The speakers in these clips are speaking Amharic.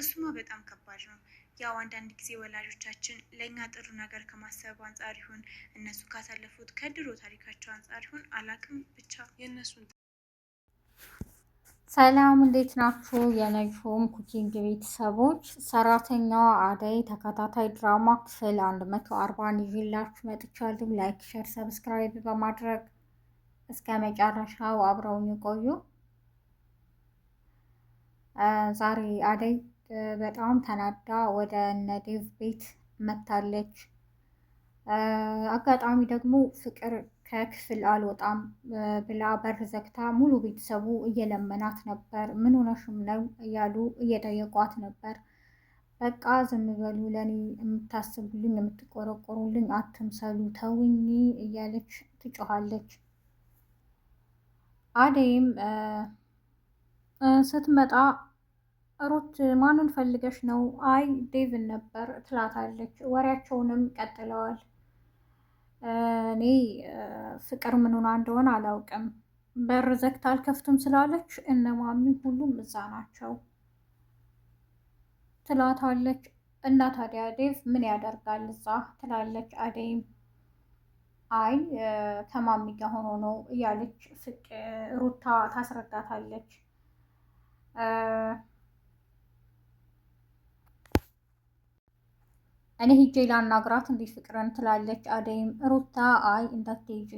እሱማ በጣም ከባድ ነው። ያው አንዳንድ ጊዜ ወላጆቻችን ለእኛ ጥሩ ነገር ከማሰብ አንጻር ይሁን እነሱ ካሳለፉት ከድሮ ታሪካቸው አንጻር ይሁን አላቅም ብቻ የእነሱን ሰላም እንዴት ናችሁ? የነሾም ኩኪንግ ቤተሰቦች ሰራተኛዋ አደይ ተከታታይ ድራማ ክፍል 140 ይዤላችሁ መጥቻለሁ። ላይክ፣ ሸር፣ ሰብስክራይብ በማድረግ እስከ መጨረሻው አብረውን ይቆዩ። ዛሬ አደይ በጣም ተናዳ ወደ ነዴቭ ቤት መታለች። አጋጣሚ ደግሞ ፍቅር ከክፍል አልወጣም ብላ በር ዘግታ ሙሉ ቤተሰቡ እየለመናት ነበር። ምን ሆነሽም ነው እያሉ እየጠየቋት ነበር። በቃ ዝም በሉ፣ ለእኔ የምታስቡልኝ የምትቆረቆሩልኝ አትምሰሉ፣ ተውኝ እያለች ትጮኋለች። አደይም ስትመጣ ሩት ማንን ፈልገሽ ነው? አይ ዴቭን ነበር ትላታለች። ወሬያቸውንም ቀጥለዋል። እኔ ፍቅር ምኑን እንደሆነ አላውቅም። በር ዘግታ አልከፍትም ስላለች እነማሚ ሁሉም እዛ ናቸው ትላታለች። እና ታዲያ ዴቭ ምን ያደርጋል እዛ ትላለች። አደይም አይ ከማሚ ጋር ሆኖ ነው እያለች ሩታ ታስረዳታለች። እኔ ሂጄ ላናግራት እንዲ ፍቅርን ትላለች። አደይም ሩታ አይ እንዳትሄጂ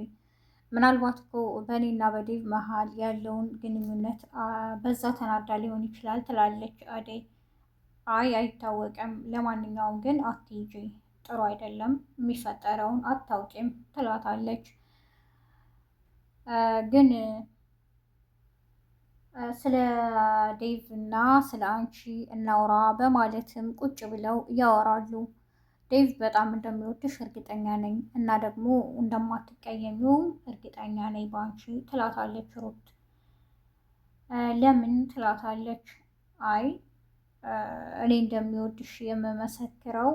ምናልባት እኮ በእኔና በዴቭ መሀል ያለውን ግንኙነት በዛ ተናዳ ሊሆን ይችላል ትላለች አደይ። አይ አይታወቅም፣ ለማንኛውም ግን አትሄጂ፣ ጥሩ አይደለም፣ የሚፈጠረውን አታውቂም ትላታለች። ግን ስለ ዴቭ እና ስለ አንቺ እናውራ በማለትም ቁጭ ብለው ያወራሉ። ዴቭ በጣም እንደሚወድሽ እርግጠኛ ነኝ እና ደግሞ እንደማትቀየሚው እርግጠኛ ነኝ በአንቺ ትላታለች ሩት። ለምን ትላታለች። አይ እኔ እንደሚወድሽ የምመሰክረው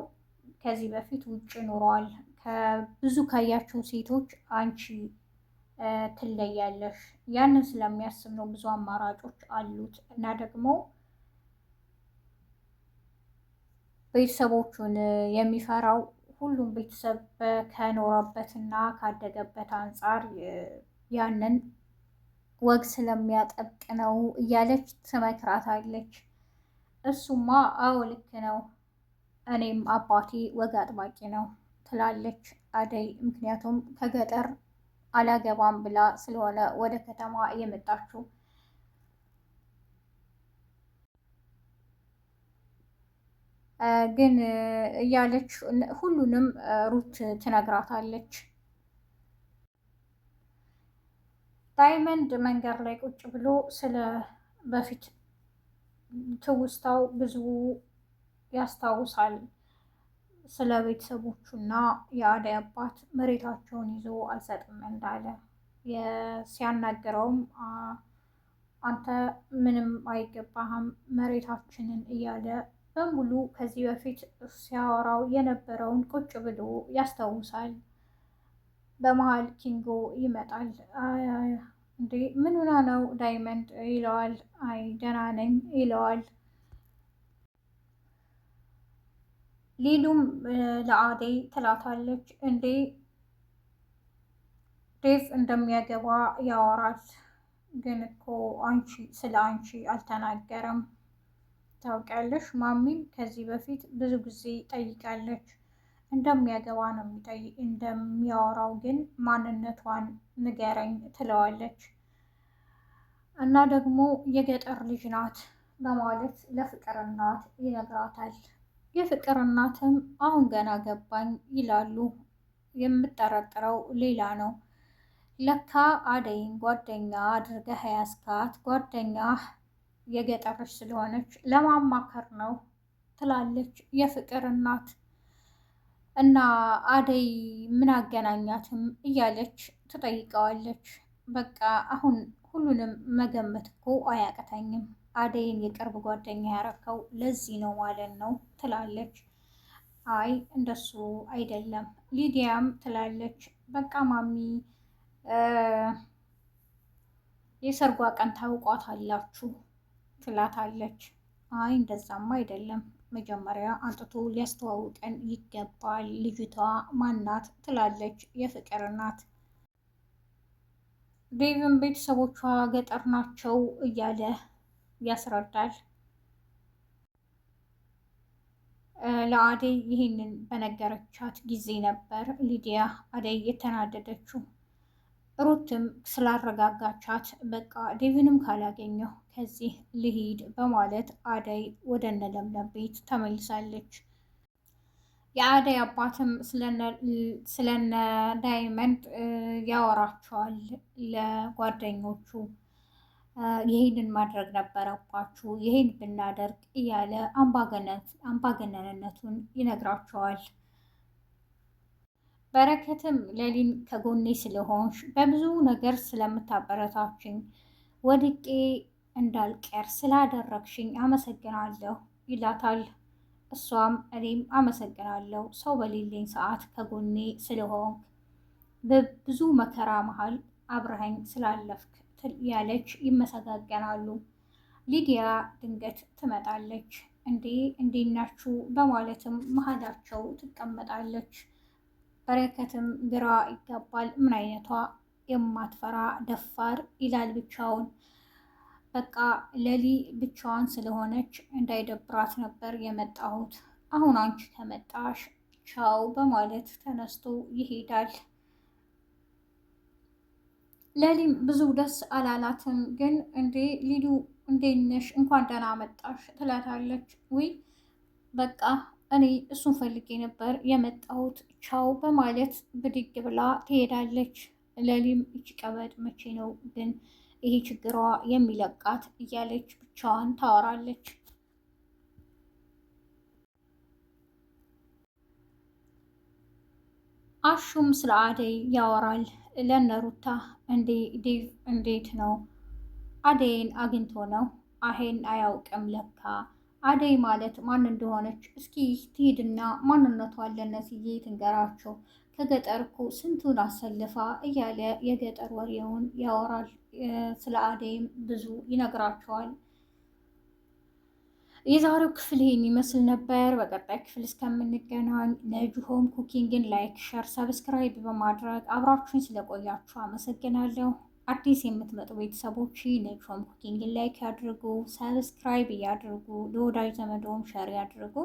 ከዚህ በፊት ውጭ ኑሯል ከብዙ ካያቸው ሴቶች አንቺ ትለያለሽ። ያንን ስለሚያስብ ነው ብዙ አማራጮች አሉት እና ደግሞ ቤተሰቦቹን የሚፈራው ሁሉም ቤተሰብ ከኖረበትና ካደገበት አንጻር ያንን ወግ ስለሚያጠብቅ ነው እያለች ትመክራታለች። እሱማ አዎ ልክ ነው፣ እኔም አባቴ ወግ አጥባቂ ነው ትላለች አደይ። ምክንያቱም ከገጠር አላገባም ብላ ስለሆነ ወደ ከተማ የመጣችው ግን እያለች ሁሉንም ሩት ትነግራታለች። ዳይመንድ መንገድ ላይ ቁጭ ብሎ ስለ በፊት ትውስታው ብዙ ያስታውሳል። ስለ ቤተሰቦቹና የአደይ አባት መሬታቸውን ይዞ አልሰጥም እንዳለ ሲያናገረውም አንተ ምንም አይገባህም መሬታችንን እያለ በሙሉ ከዚህ በፊት ሲያወራው የነበረውን ቁጭ ብሎ ያስታውሳል። በመሀል ኪንጎ ይመጣል። እንዴ ምን ሆና ነው ዳይመንድ ይለዋል። አይ ደህና ነኝ ይለዋል። ሊሉም ለአዴ ትላታለች። እንዴ ዴቭ እንደሚያገባ ያወራል፣ ግን እኮ አንቺ ስለ አንቺ አልተናገረም ታውቂያለሽ፣ ማሚም ከዚህ በፊት ብዙ ጊዜ ጠይቃለች። እንደሚያገባ ነው የሚጠይ እንደሚያወራው ግን ማንነቷን ንገረኝ ትለዋለች። እና ደግሞ የገጠር ልጅ ናት በማለት ለፍቅር እናት ይነግራታል። የፍቅር እናትም አሁን ገና ገባኝ ይላሉ። የምጠረጥረው ሌላ ነው ለካ አደይን ጓደኛ አድርገህ ያስካት ጓደኛህ የገጠርሽ ስለሆነች ለማማከር ነው ትላለች የፍቅር እናት። እና አደይ ምን አገናኛትም እያለች ትጠይቀዋለች። በቃ አሁን ሁሉንም መገመት እኮ አያቅተኝም። አደይን የቅርብ ጓደኛ ያረከው ለዚህ ነው ማለት ነው ትላለች። አይ እንደሱ አይደለም ሊዲያም ትላለች። በቃ ማሚ የሰርጓ ቀን ታውቋት አላችሁ ትላታለች። አይ እንደዛማ አይደለም፣ መጀመሪያ አንጥቶ ሊያስተዋውቀን ይገባል። ልጅቷ ማናት? ትላለች የፍቅር እናት። ዴቭን ቤተሰቦቿ ገጠር ናቸው እያለ ያስረዳል ለአደይ። ይህንን በነገረቻት ጊዜ ነበር ሊዲያ አደይ የተናደደችው። ሩትም ስላረጋጋቻት በቃ ዴቪንም ካላገኘሁ ከዚህ ልሂድ በማለት አደይ ወደ እነ ለምለም ቤት ተመልሳለች። የአደይ አባትም ስለነ ዳይመንድ ያወራቸዋል ለጓደኞቹ ይህንን ማድረግ ነበረባችሁ፣ ይህን ብናደርግ እያለ አምባገነንነቱን ይነግራቸዋል። በረከትም ለሊን ከጎኔ ስለሆንሽ በብዙ ነገር ስለምታበረታችኝ ወድቄ እንዳልቀር ስላደረግሽኝ አመሰግናለሁ ይላታል። እሷም እኔም አመሰግናለሁ ሰው በሌለኝ ሰዓት ከጎኔ ስለሆንክ በብዙ መከራ መሃል አብረኸኝ ስላለፍክ ያለች ይመሰጋገናሉ። ሊዲያ ድንገት ትመጣለች። እንዴ እንዴናችሁ በማለትም መሀላቸው ትቀመጣለች። በረከትም ግራ ይገባል ምን አይነቷ የማትፈራ ደፋር ይላል ብቻውን። በቃ ለሊ ብቻዋን ስለሆነች እንዳይደብራት ነበር የመጣሁት። አሁን አንቺ ከመጣሽ ቻው በማለት ተነስቶ ይሄዳል። ለሊም ብዙ ደስ አላላትም። ግን እንዴ ሊዱ እንዴት ነሽ? እንኳን ደህና መጣሽ ትላታለች። ውይ በቃ እኔ እሱን ፈልጌ ነበር የመጣሁት ቻው በማለት ብድግ ብላ ትሄዳለች። ለሊም እጅ ቀበድ መቼ ነው ግን ይሄ ችግሯ የሚለቃት እያለች ብቻዋን ታወራለች። አሹም ስለ አደይ ያወራል ለነሩታ እንዴ ዴቭ እንዴት ነው አደይን አግኝቶ ነው አሄን አያውቅም ለካ አደይ ማለት ማን እንደሆነች እስኪ ትሂድና ማንነቷን ለእነስዬ ትንገራቸው። ከገጠር እኮ ስንቱን አሰልፋ እያለ የገጠር ወሬውን ያወራል። ስለ አደይም ብዙ ይነግራቸዋል። የዛሬው ክፍል ይህን ይመስል ነበር። በቀጣይ ክፍል እስከምንገናኝ ሆም ኩኪንግን ላይክ፣ ሸር፣ ሰብስክራይብ በማድረግ አብራችሁን ስለቆያችሁ አመሰግናለሁ። አዲስ የምትመጡ ቤተሰቦች ነሾም ኩኪንግ ላይክ ያድርጉ፣ ሰብስክራይብ እያድርጉ፣ ለወዳጅ ዘመዶም ሸር ያድርጉ።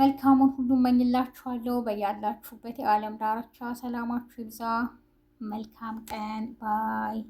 መልካሙን ሁሉ እመኝላችኋለሁ። በያላችሁበት የዓለም ዳርቻ ሰላማችሁ ይብዛ። መልካም ቀን ባይ